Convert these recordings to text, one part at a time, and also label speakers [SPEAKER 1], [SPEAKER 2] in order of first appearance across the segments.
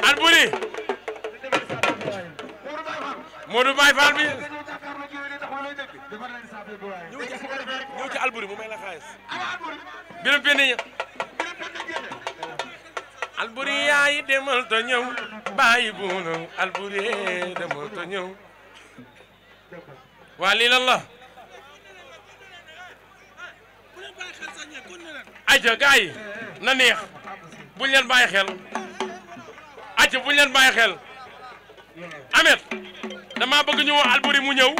[SPEAKER 1] Alboury
[SPEAKER 2] Modou Baye Fall bi ñëw ci Alboury mu may la xaalis
[SPEAKER 1] biram penni Alboury yaay demal ta ñëw bàyyi buunu Alboury demal ta ñëw waa lii lan la ayca gars yi na neex buñ leen bàyyi xel ci bu ñu leen bàyyi xel Ameth dama bëgg ñu woo Alboury mu ñëw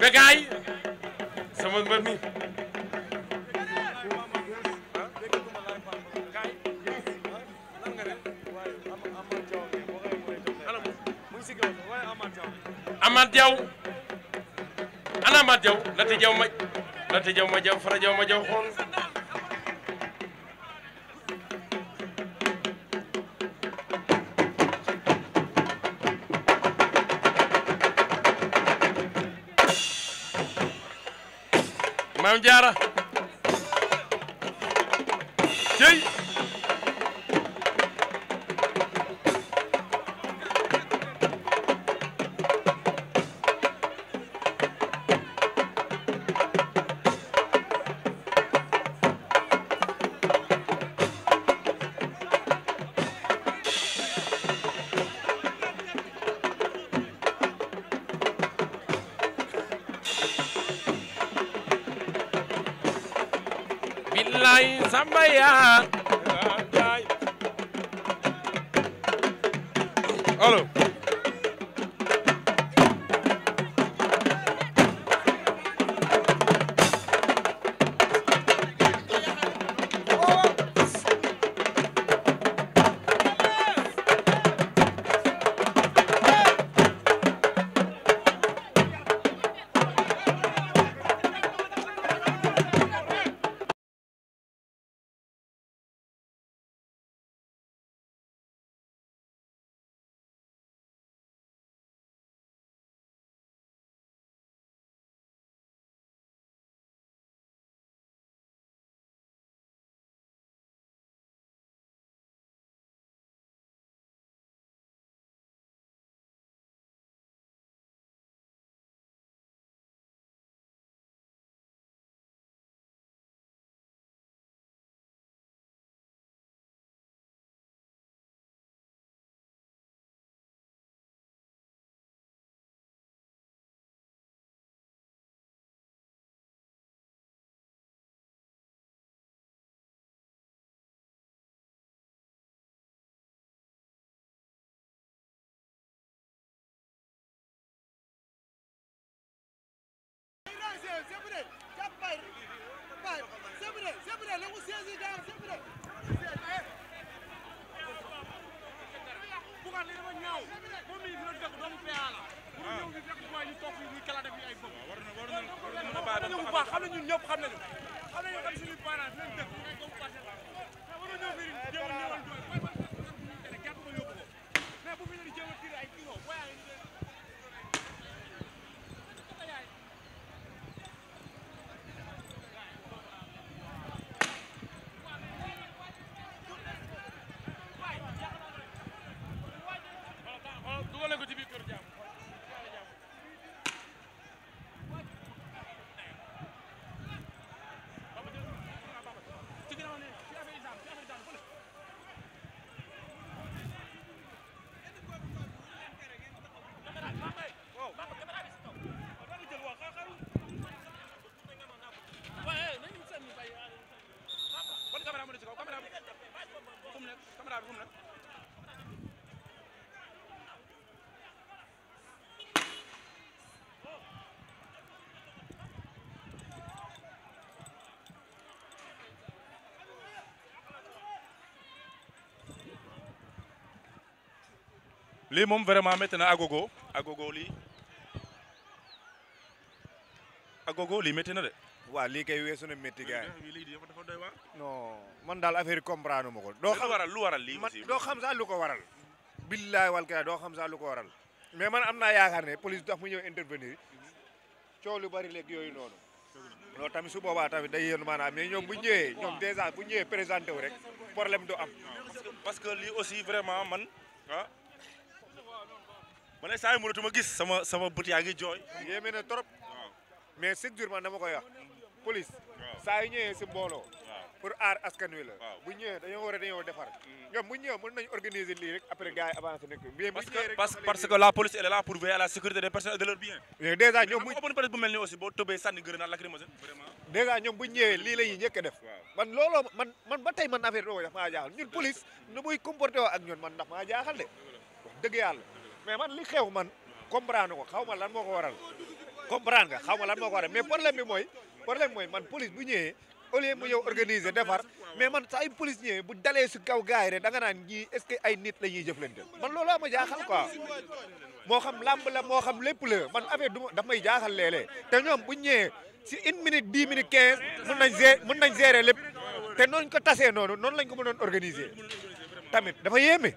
[SPEAKER 1] begaay sama mbër mi Mat Jaw ana Mat Jaw lati jaw jaw ma jaw fara jaw ma jaw xool Maam Jaara Samba yaa allo
[SPEAKER 2] xam nañu ñëpp xam nañu xam nañu xam suñuy parents dinañ dëkk
[SPEAKER 3] lii moom vraiment métti na agogo agogo lii agogo lii métti na de. waa lii kay weesu na métti gars yi man daal affaire yi comprendre ko. doo xam waral lu waral lii aussi doo xam sax lu ko waral. billaay wal kay xam sax ko waral. mais man am naa yaakaar ne police dafa mu ñëw intervenir coow lu bari léegi yooyu noonu. loolu tamit su boobaa tamit day yéen maanaam mais ñoom bu ñëwee ñoom déjà bu ñëwee présenté wu rek problème du am. parce que lii aussi vraiment man ah, man instant yii mënatuma gis sama sama bët yaa ngi jooy. yéeme na trop. mais c'est dur man dama koy wax. police saa yu ñëwee si mbooloo. pour aar askan wi bu ñëwee dañoo war a dañoo defar. Mm. ñoom bu ñëwee mën nañu organiser lii rek après gars yi avancé nekk mais parce que parce que parce que la police elle est là ñoom bu open lii la ñuy a def. man looloo man ba tey man affaire boobu daf maa jaaxal ñun police nu muy comporté woo ak ñun man daf maa jaaxal de wax yàlla mais man li xew man comprendre ko xaw ma lan moo ko waral comprendre nga xaw ma lan moo ko mais problème bi mooy problème mooy man police bu ñëwee au lieu mu yow organiser defar mais man sa ay police ñëwee bu dalee si kaw gars yi danga da nga naan ñii est-ce que ay nit la ñuy jëflante man loolu ma jaaxal quoi moo xam làmb la moo xam lépp la man affaire du daf may jaaxal léeg te ñoom bu ñëwee si une minute dix minutes quinze mën nañ gérer mën nañ gérer lépp te noonu ko tasee noonu noonu lañ ko mënoon organiser tamit dafa yéeme.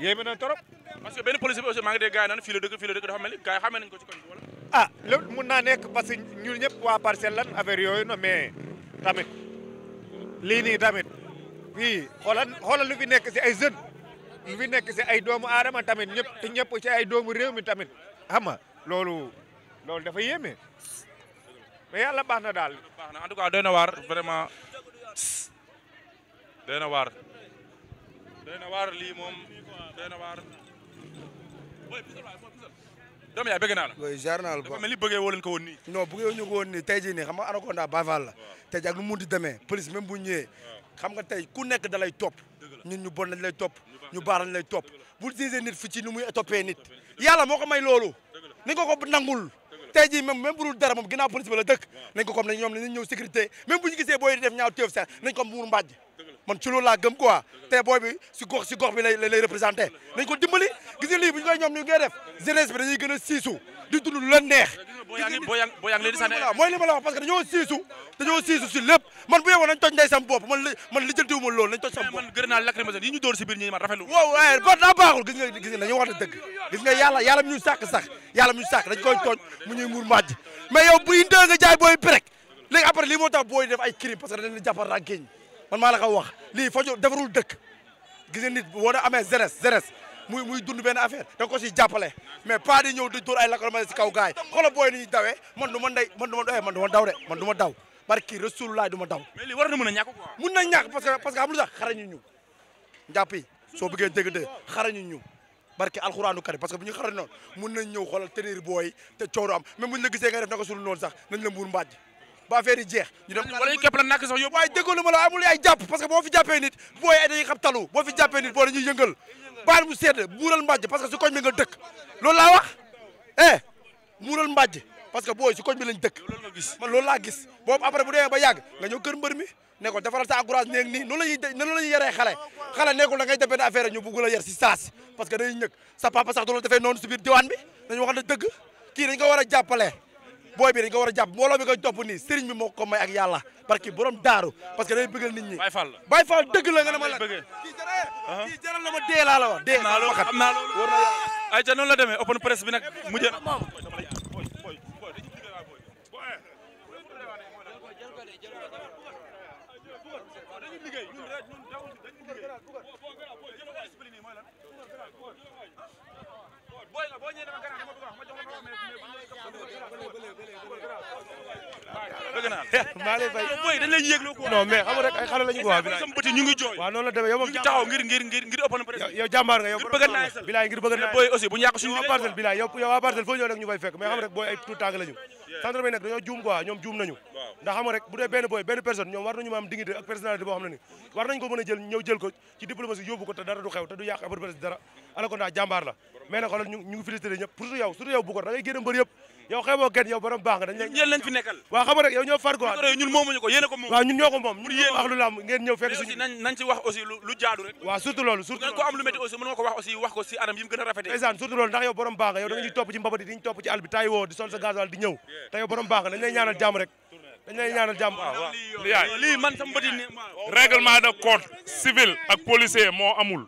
[SPEAKER 3] yéeme na trop. parce que benn policier bi aussi maa ngi dégg gars yi naan fii la dëkk fii dëkk dafa mel ni gars yi xamee ko ci koñ bi ah, mun naa nekk parce que ñun ñëpp waa parcelle lan affaire yooyu noonu mais tamit lii nii tamit fii xoolal xoolal lu fi nekk si ay jeunes lu fi nekk si ay doomu aadama tamit ñëpp te ñëpp ci ay doomu réew mi tamit xam nga loolu loolu dafa yéeme mais yàlla baax na daal. baax
[SPEAKER 1] na en tout cas doy waar vraiment doy waar. doy na waar lii moom na waar.
[SPEAKER 2] doom yaay bëgg naa la. oui jaar naa la ni bëggee woo leen ko woon nii. non bëggee tey jii nii xam nga Anaconda Baval la. tey jii ak nu mu munti demee police même bu ñëwee. xam nga tey ku nekk da lay topp. ñun ñu bon lañ lay topp ñu baax lay top bu gisee nit fi ci nu muy toppee nit. yàlla moo ko may loolu. nañ ko ko nangul. tey jii même bu dul dara moom ginnaaw police ba la dëkk. nañ ko comme ne ñoom nañ ñëw sécurité même bu ñu gisee booy def ñaaw teew sax nañ ko muur mbàjj man ci loolu laa gëm quoi te booy bi si gox si gox bi lay lay représenté nañ ko dimbali gis nga lii bu ñu koy ñoom ñu ngi koy bi dañuy gën a siisu di dund lu leen neex. mooy li ma la wax parce que siisu dañoo siisu si lépp man bu yewoon nañ toj sam bopp man man li jëntiwuma loolu nañ toj sam bopp. man gërëm naa lacrymogène yi ñu dóor si biir mu ñuy muur màjj mais yow buy ndëe nga jaay booy prek léegi après lii moo tax booy def ay crime parce que dañ leen man maa la ko wax lii faju defarul dëkk gis nga nit boo da amee zeres zeres muy muy dund benn affaire da ko si jàppale mais pas di ñëw di dóor ay lakkale si kaw gaay yi xoolal booy ni ñuy dawee man du ma ndey man du ma man du ma daw de man du ma daw barki Rasulullah du ma daw. mais na mën a ñàkk quoi. lu sax xarañu ñu njàpp yi soo bëggee dégg dëgg xarañu ñu barki alxuraanu kari parce bu ñu xarañ noonu mën nañ ñëw xoolal tenir booy te coow am même bu ñu la gisee nga def na sax nañ la mbuur mbaaj ba affaire yi jeex ñu dem wala képp la nak sax yóbbu waaye déggoolu ma la amul ay jàpp parce que boo fi jàppee nit booy ay dañuy xam talu boo fi jàppee nit boo dañuy yëngal baal mu sedd muural mbàjj parce que si koñ bi nga dëkk loolu laa wax eh muural mbàjj parce que booy si koñ bi nga gis man loolu laa gis boobu après bu demee ba yàgg nga ñëw kër mbër mi ne ko defaral sa encourage néeg nii noonu lañuy noonu la ñuy yaree xale xale nekkul da ngay defee affaire ñu bugg la yar si saas parce que day ñëkk sa papa sax du a jàppale booy bi dañ ko war a jàpp bi koy topp nii sëriñ bi moo ko ak yàlla parce que borom daaru parce que day bëggal nit ñi. Baye Fall Baye Fall dëgg la nga ne na ma dee laa la wax dee. naa loolu xam ay ca noonu la demee open press bi
[SPEAKER 1] maa lay fay booy dañ lay yéegloo ko ko waa bilaay sama bëti
[SPEAKER 2] ñu ngi jooy waaw noonu la demee yow moom taxaw ngir ngir ngir ngir ëpp na peut-être yow jàmbaar nga ngir bëgg naa booy aussi bu ñu yàq suñu parcelle waa parcelle foo ñëw nag ñu fay fekk mais xam rek booy ay tout tàng lañu centre bi nag dañoo juum quoi ñoom juum nañu ndax xam rek bu dee benn booy benn personne ñoom war nañu ma am dignité ak personnalité boo ko mën a jël ñëw jël ko ci diplomatie yóbbu ko te dara du xew te du yàq après presse dara Anaconda jàmbaar la borom baax nga dañ a ko a rafetee ñaanal jàmm rek dañ lay ñaanal jàmm ah waaw lii man sama bët yi règlement de
[SPEAKER 1] compte civil ak policier moo amul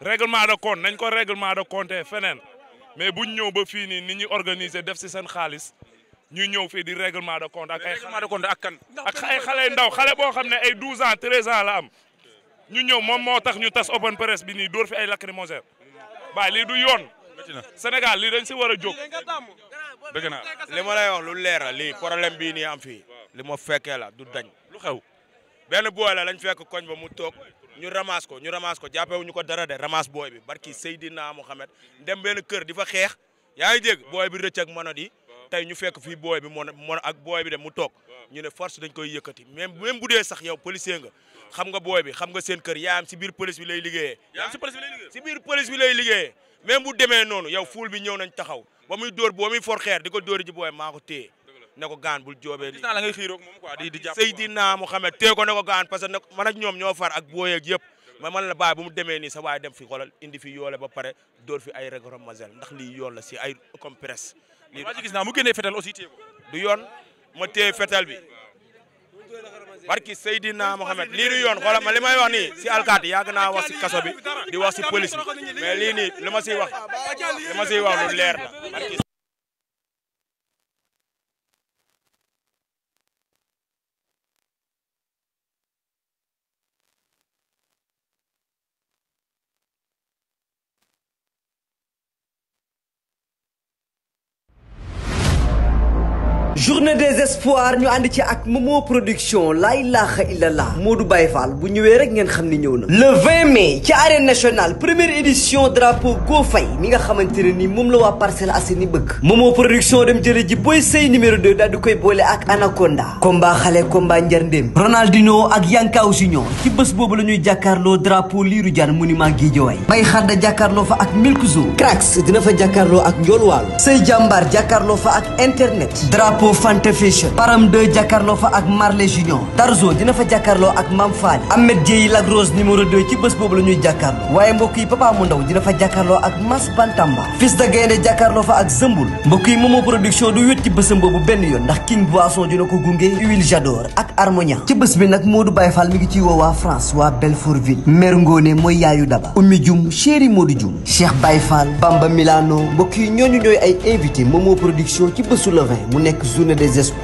[SPEAKER 1] règlement de compte nañ ko réglement de compte feneen mais buñ ñëw ba fii nii ni ñuy organiser def si seen xaalis ñu ñëw fii di règlement de compte ak ay règlement de compte ak ay xale ndaw xale boo xam ne ay 12 ans 13 ans la am ñu ñëw moom moo tax ñu tas open press bi ni door fi ay lacrymogène baay li du yoon Sénégal lii dañ si war a jóg dëgg na li ma lay wax lu leer la lii problème bii nii am fii li ma fekkee la du dañ lu xew benn booy la lañ fekk koñ ba mu toog ñu ramasse ko ñu ramasse ko jàppewu ñu ko dara de ramasse booy bi barki Seydina Mohamed dem benn kër di fa xeex yaa ngi dégg booy bi rëcc ak manot yi tey ñu fekk fii booy bi mon mon ak booy bi de mu toog ñu ne force dañ koy yëkkati même même bu dee sax yow policier nga xam nga booy bi xam nga seen kër yaayam si biir police bi lay liggéeyee yaayam si police bi lay liggéeyee si biir police bi lay liggéeyee même bu demee noonu yow fuul bi ñëw nañ taxaw ba muy dóor boo muy for xeer di ko dóori ji maa ko téye ne ko gaan bul joobee. gis naa la ngay xiiroog di di jàpp Seydina Mouhamed tee ko ne ko gaan parce que nag man ak ñoom ñoo far ak booyeeg yëpp ma man la baay bu mu demee nii sa waay dem fi xoolal indi fi yoole ba pare dóor fi ay rek romazel ndax lii yoon la si ay compresse. lii waa ji gis naa mu génnee fetal aussi du yoon ma tee fetal bi barki Seydina Mohamed lii du yoon xoolal ma li may wax nii si alkaati yàgg naa wax si kaso bi di wax si police ma mais lii nii li ma siy wax li ma siy wax lu leer la.
[SPEAKER 4] journée des espoirs ñu ànd ci ak Momo production laa ilaaha illallah Modou Baye Fall bu ñëwee rek ngeen xam ni ñëw na. le 20 mai ci arène national première édition drapeau Go Faye mi nga xamante ne ni moom la waa Parcelles Assainies bëgg. Momo production dem jële ji Boy Sey numéro 2 daal di koy boole ak Anaconda. combat xale combat njarndéem. Ronaldinho ak Yankao Junior ci bés boobu la ñuy jàkkaarloo drapeau Lirou Diane monument Guédiawaye. ma Xadda jàkkaarloo fa ak Milkzo. Cracks dina fa jàkkaarloo ak Ndiol Waalo. Sey Jàmbaar jàkkaarloo fa ak internet. drapeau Fanta Fashion Param 2 jàkkaarloo fa ak Marley Junior Darzo dina fa jàkkaarloo ak Mam Fadi Ahmed Dieye Lac Rose numéro 2 ci bés boobu la ñuy jàkkaarloo waaye mbokk yi ndaw dina fa jàkkaarloo ak Mas Bantamba Fils de Gaynde jàkkaarloo fa ak Zëmbul mbokk yi Momo production du wét ci bésam boobu benn yoon ndax King Boisson dina ko gunge Huile Jador ak Harmonia ci bés bi nag Modou Baye Fall mi ngi ci woo waa France waa Belfortville Mère Ngone mooy yaayu daba Oumy Dioum Chéri Modou Dioum Cheikh Baye mbokk yi ñooñu ñooy ay invité Momo production ci bésu le désespoir.